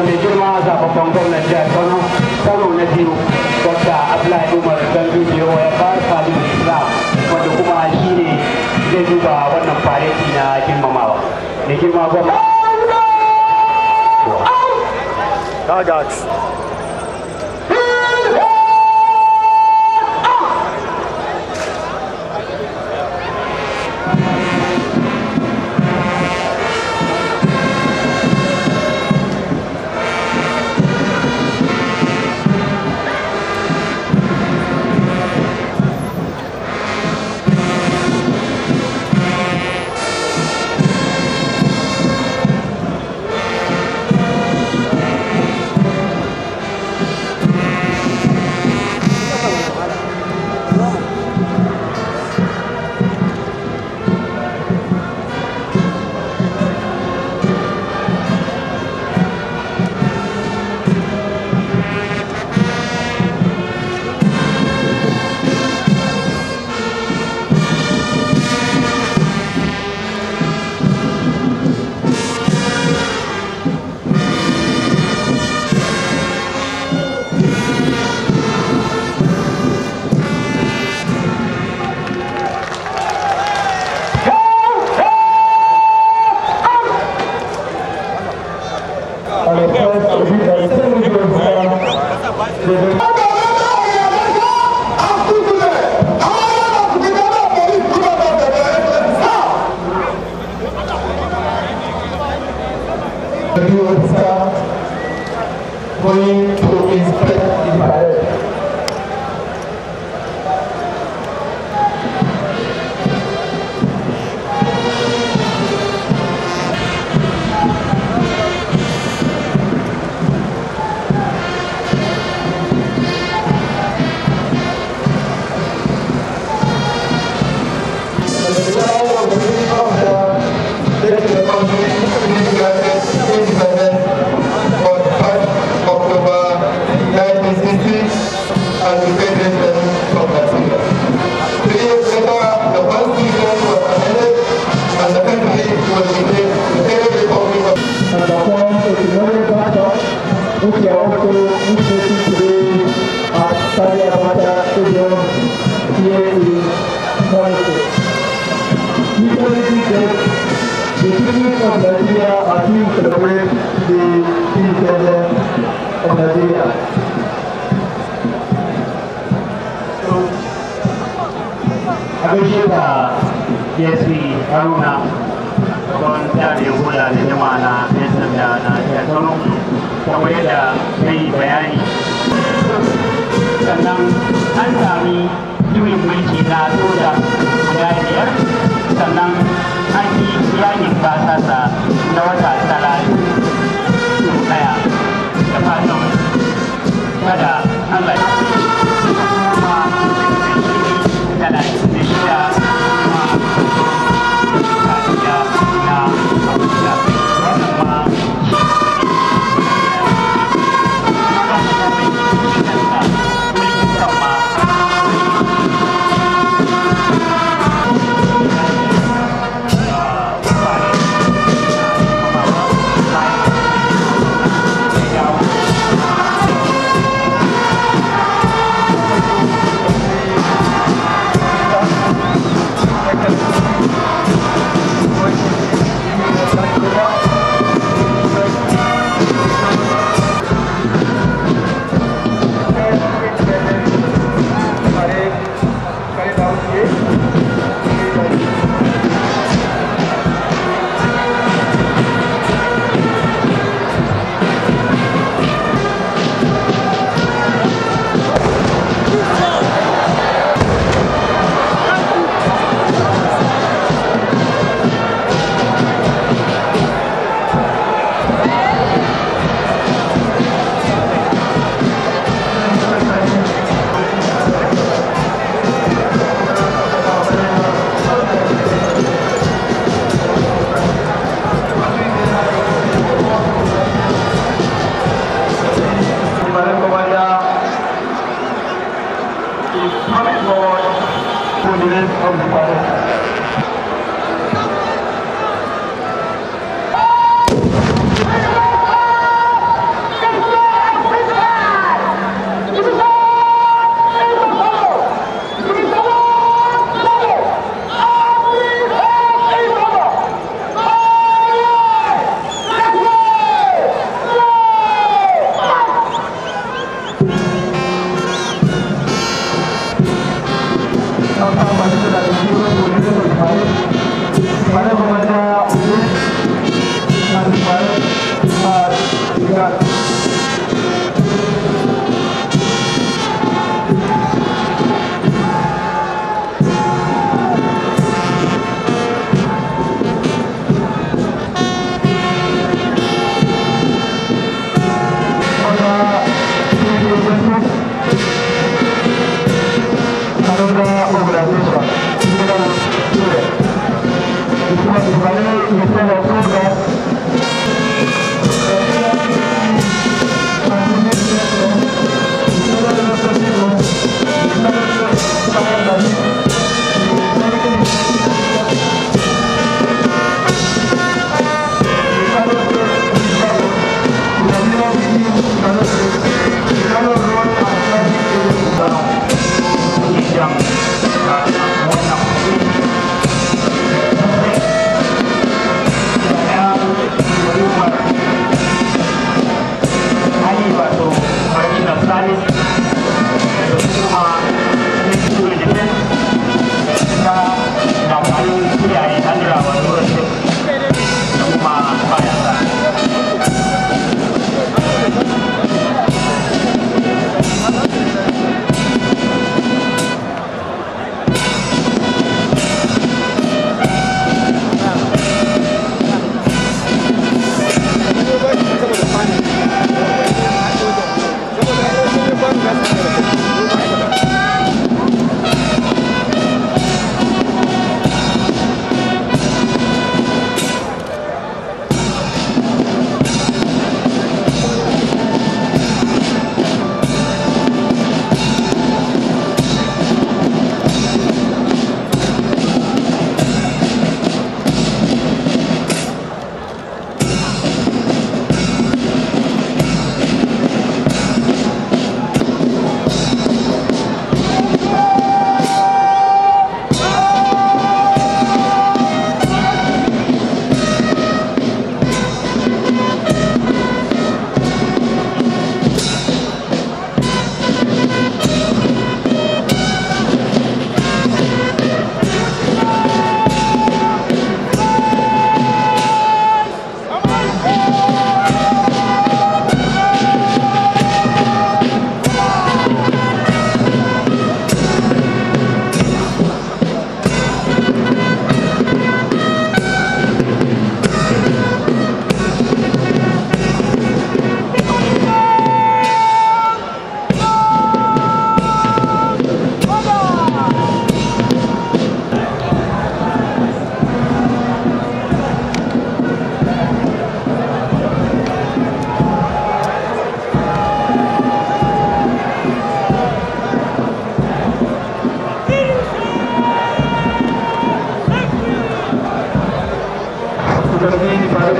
mai girma zababban gwamnan jihar kano kano na biyu dr abdullahi ya fara salim islam kuma shi ne zai duba wannan fareti na girmamawa Nigeria are to celebrate the independence of Nigeria. a da DSP da na na bayani sannan an sami juyin mulki na soja sannan an yi yakin 刚才。Gracias.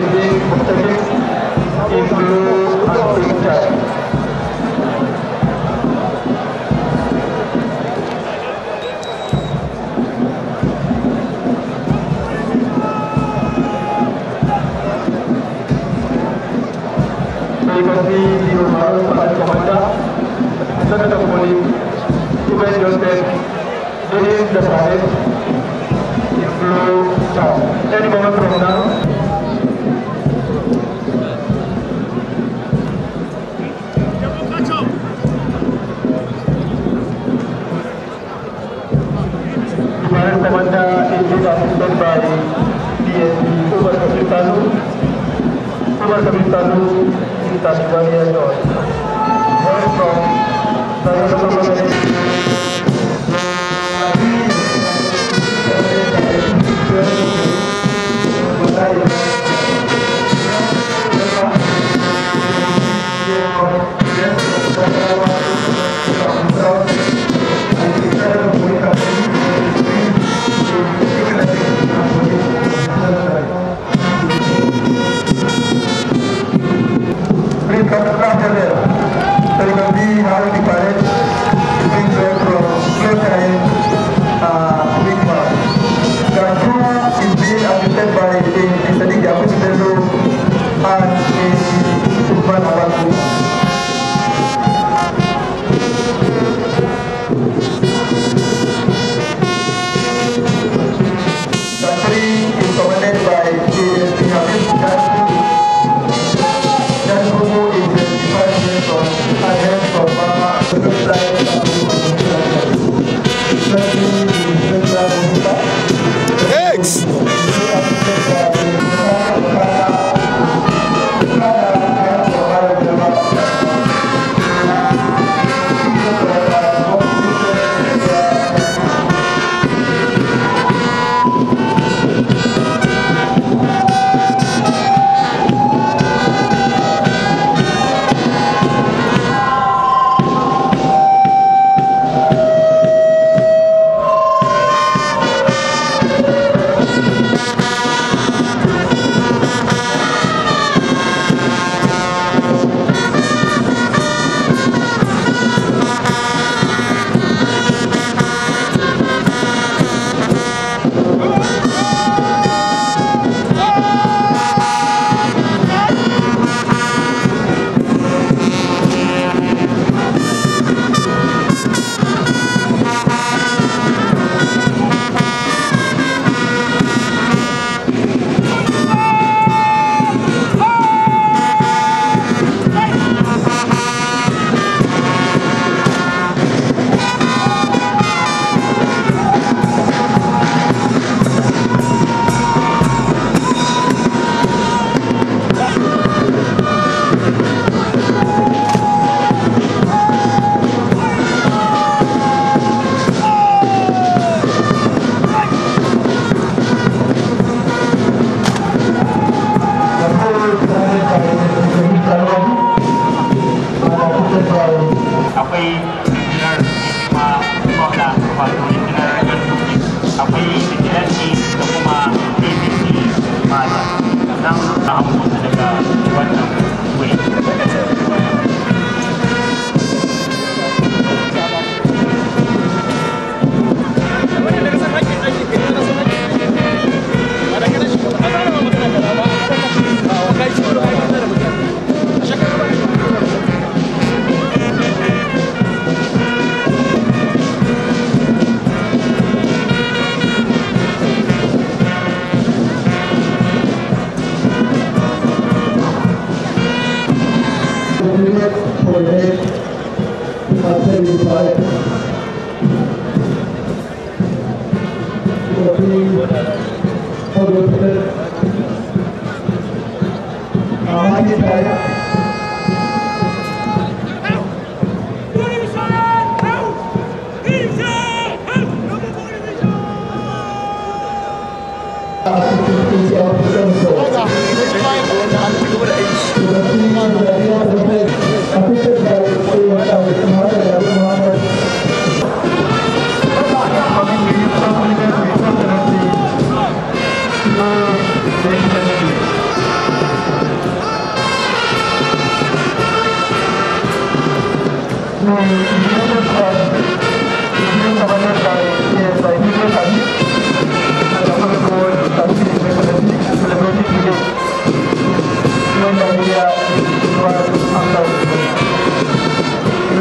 Thank you.